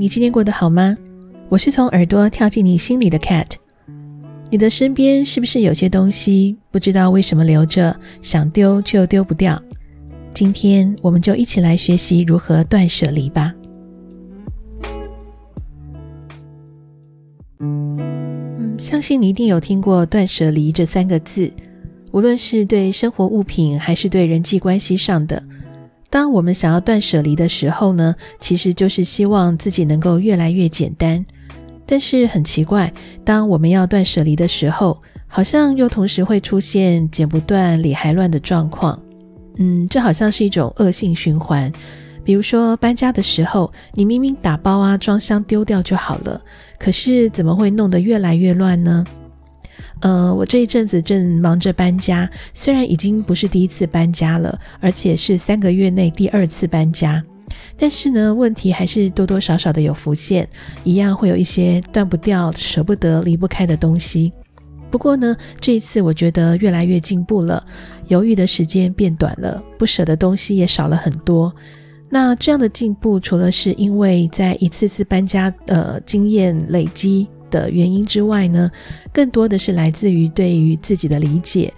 你今天過得好嗎？我是從耳朵跳進你心裡的 Kate。你的身邊是不是有些東西，不知道為什麼留着，想丟卻又丟不掉？今天我們就一起來學習如何斷舍離吧。嗯，相信你一定有聽過“斷舍離”這三個字，無論是對生活物品，還是對人際關係上的。當我們想要斷捨離的時候呢，其實就是希望自己能夠越來越簡單。但是很奇怪，當我們要斷捨離的時候，好像又同時會出現剪不斷、理還亂的狀況。嗯，這好像是一種惡性循環。比如說搬家的時候，你明明打包啊、裝箱丟掉就好了，可是怎麼會弄得越來越亂呢？呃，我這一陣子正忙着搬家，雖然已經不是第一次搬家了，而且是三個月內第二次搬家，但是呢，問題還是多多少少的有浮現，一樣會有一些斷不掉、捨不得、離不開的東西。不過呢，這一次我覺得越來越進步了，猶豫的時間變短了，不捨的東西也少了很多。那這樣的進步，除了是因為在一次次搬家的，呃，經驗累積。的原因之外呢，更多的是來自於對於自己的理解。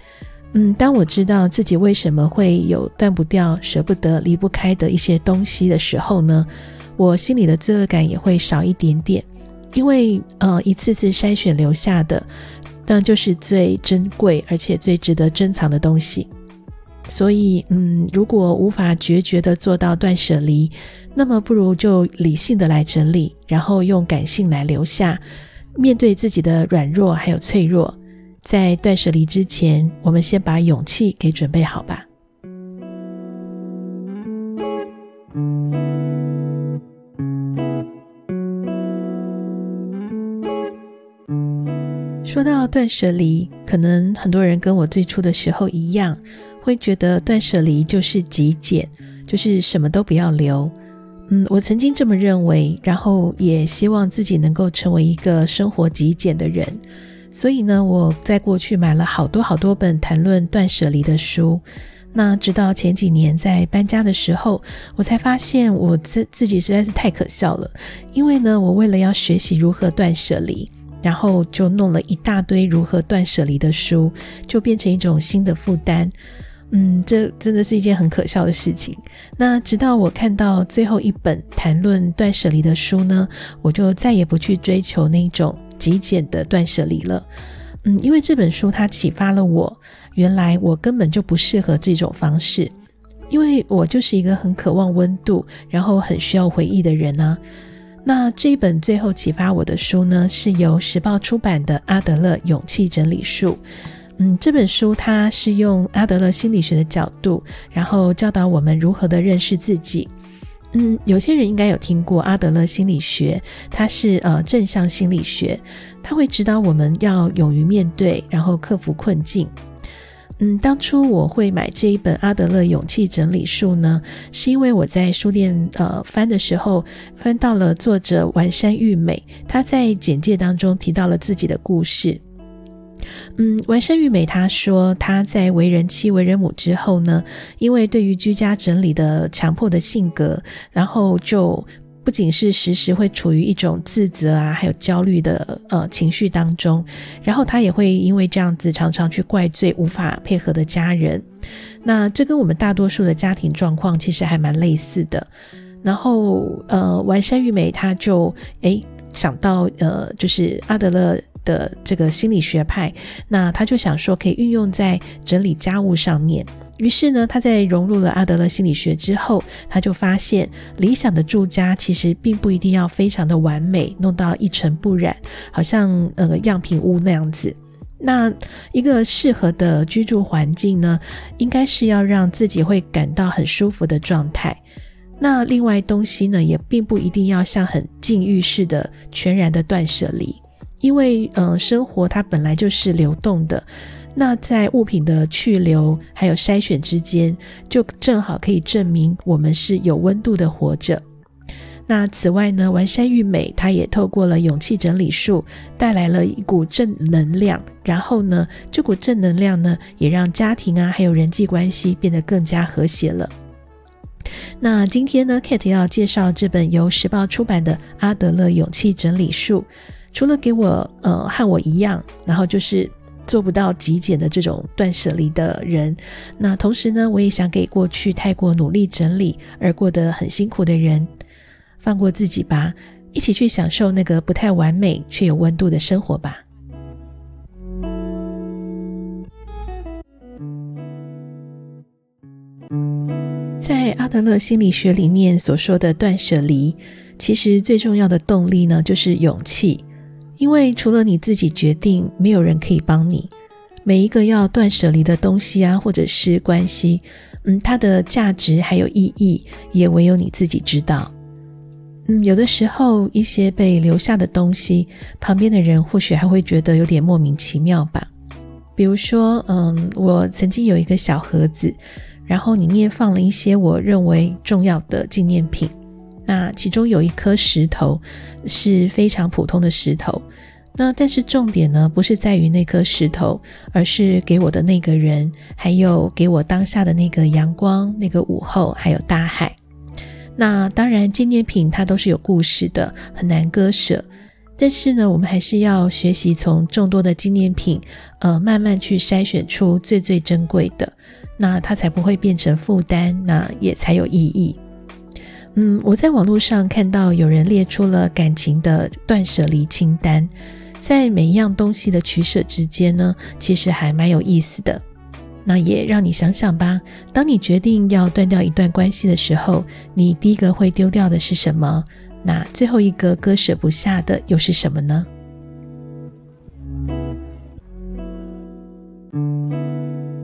嗯，當我知道自己為什麼會有斷不掉、捨不得、離不開的一些東西的時候呢，我心裡的罪惡感也會少一點點。因為呃，一次次篩選留下的，但就是最珍貴而且最值得珍藏的東西。所以，嗯，如果無法決絕的做到斷捨離，那麼不如就理性的來整理，然後用感性來留下。面對自己的軟弱還有脆弱，在斷捨離之前，我們先把勇氣給準備好吧。說到斷捨離，可能很多人跟我最初的時候一樣，會覺得斷捨離就是極簡，就是什麼都不要留。嗯，我曾經這麼認為，然後也希望自己能夠成為一個生活極簡的人。所以呢，我在過去買了好多好多本談論斷捨離的書。那直到前幾年在搬家的時候，我才發現我自自己實在是太可笑了。因為呢，我為了要學習如何斷捨離，然後就弄了一大堆如何斷捨離的書，就變成一種新的負擔。嗯，這真的是一件很可笑的事情。那直到我看到最後一本談論斷捨離的書呢，我就再也不去追求那種極簡的斷捨離了。嗯，因為這本書它啟發了我，原來我根本就不適合這種方式，因為我就是一個很渴望溫度，然後很需要回憶的人啊。那這一本最後啟發我的書呢，是由時報出版的《阿德勒勇氣整理術》。嗯，這本書它是用阿德勒心理學的角度，然後教導我們如何的認識自己。嗯，有些人應該有聽過阿德勒心理學，它是呃正向心理學，它會指導我們要勇於面對，然後克服困境。嗯，當初我會買這一本《阿德勒勇氣整理術》呢，是因為我在書店呃翻的時候，翻到了作者丸山郁美，她在簡介當中提到了自己的故事。嗯，完善玉美她說，她在為人妻、為人母之後呢，因為對於居家整理的強迫的性格，然後就不僅是時時會處於一種自責啊，還有焦慮的呃情緒當中，然後她也會因為這樣子，常常去怪罪無法配合的家人。那這跟我們大多數的家庭狀況其實還蠻類似的。然後呃，完善玉美她就誒想到呃，就是阿德勒。的這個心理學派，那他就想說可以運用在整理家務上面。於是呢，他在融入了阿德勒心理學之後，他就發現理想的住家其實並不一定要非常的完美，弄到一塵不染，好像呃樣品屋那樣子。那一個適合的居住環境呢，應該是要讓自己會感到很舒服的狀態。那另外東西呢，也並不一定要像很禁慾式的全然的斷捨離。因為，呃，生活它本來就是流動的，那在物品的去留還有篩選之間，就正好可以證明我們是有溫度的活着。那此外呢，丸山郁美，它也透過了勇氣整理術，帶來了一股正能量。然後呢，這股正能量呢，也讓家庭啊還有人際關係變得更加和諧了。那今天呢，Kate 要介紹這本由時報出版的《阿德勒勇氣整理術》。除了給我，呃，和我一樣，然後就是做不到極簡的這種斷捨離的人，那同時呢，我也想給過去太過努力整理而過得很辛苦的人，放過自己吧，一起去享受那個不太完美卻有溫度的生活吧。嗯，在阿德勒心理學裡面所說的斷捨離，其實最重要的動力呢，就是勇氣。因為除了你自己決定，沒有人可以幫你。每一個要斷捨離的東西啊，或者是關係，嗯，它的價值還有意義，也唯有你自己知道。嗯，有的時候一些被留下的東西，旁邊的人或許還會覺得有點莫名其妙吧。比如說，嗯，我曾經有一個小盒子，然後裡面放了一些我認為重要的紀念品。那其中有一顆石頭，是非常普通的石頭。那但是重點呢，不是在於那顆石頭，而是給我的那個人，還有給我當下的那個陽光、那個午後，還有大海。那當然，紀念品它都是有故事的，很難割捨。但是呢，我們還是要學習從眾多的紀念品，呃，慢慢去篩選出最最珍貴的，那它才不會變成負擔，那也才有意義。嗯，我在網絡上看到有人列出了感情的斷捨離清單，在每一樣東西的取捨之間呢，其實還蠻有意思的。那也讓你想想吧，當你決定要斷掉一段關係的時候，你第一個會丟掉的是什麼？那最後一個割捨不下的又是什麼呢？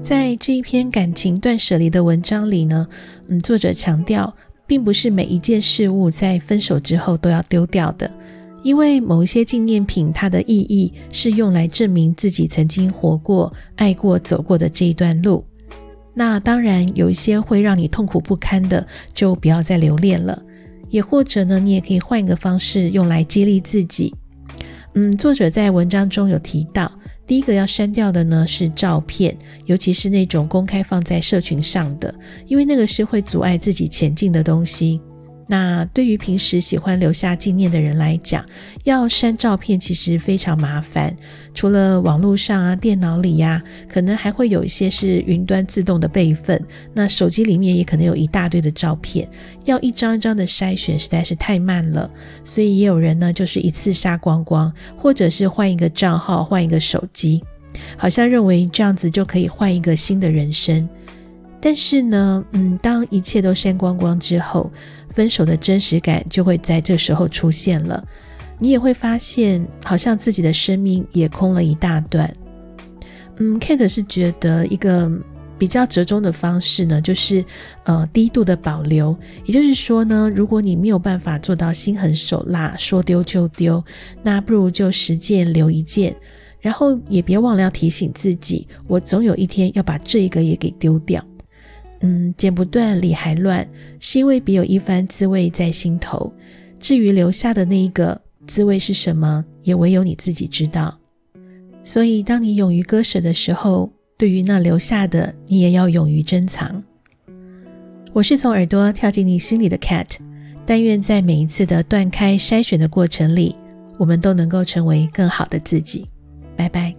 在這一篇感情斷捨離的文章裡呢，嗯，作者強調。並不是每一件事物在分手之後都要丟掉的，因為某一些紀念品，它的意義是用來證明自己曾經活過、愛過、走過的這一段路。那當然，有一些會讓你痛苦不堪的，就不要再留戀了。也或者呢，你也可以換一個方式用來激勵自己。嗯，作者在文章中有提到，第一個要刪掉的呢，是照片，尤其是那種公開放在社群上的，因為那個是會阻礙自己前進的東西。那對於平時喜歡留下紀念的人來講，要刪照片其實非常麻煩。除了網絡上啊、電腦裡呀、啊，可能還會有一些是雲端自動的備份。那手機裡面也可能有一大堆的照片，要一張一張的篩選實在是太慢了。所以也有人呢，就是一次殺光光，或者是換一個賬號、換一個手機，好像認為這樣子就可以換一個新的人生。但是呢，嗯，當一切都刪光光之後，分手的真實感就會在這時候出現了。你也會發現，好像自己的生命也空了一大段。嗯，Kate 是覺得一個比較折中的方式呢，就是呃，低度的保留。也就是說呢，如果你沒有辦法做到心狠手辣，說丟就丟，那不如就十件留一件，然後也別忘了要提醒自己，我總有一天要把這個也給丟掉。嗯，剪不斷，理還亂，是因為別有一番滋味在心頭。至於留下的那一個滋味是什麼，也唯有你自己知道。所以，當你勇於割捨的時候，對於那留下的，你也要勇於珍藏。我是從耳朵跳進你心裡的 Kate，但願在每一次的斷開篩選的過程裡，我們都能夠成為更好的自己。拜拜。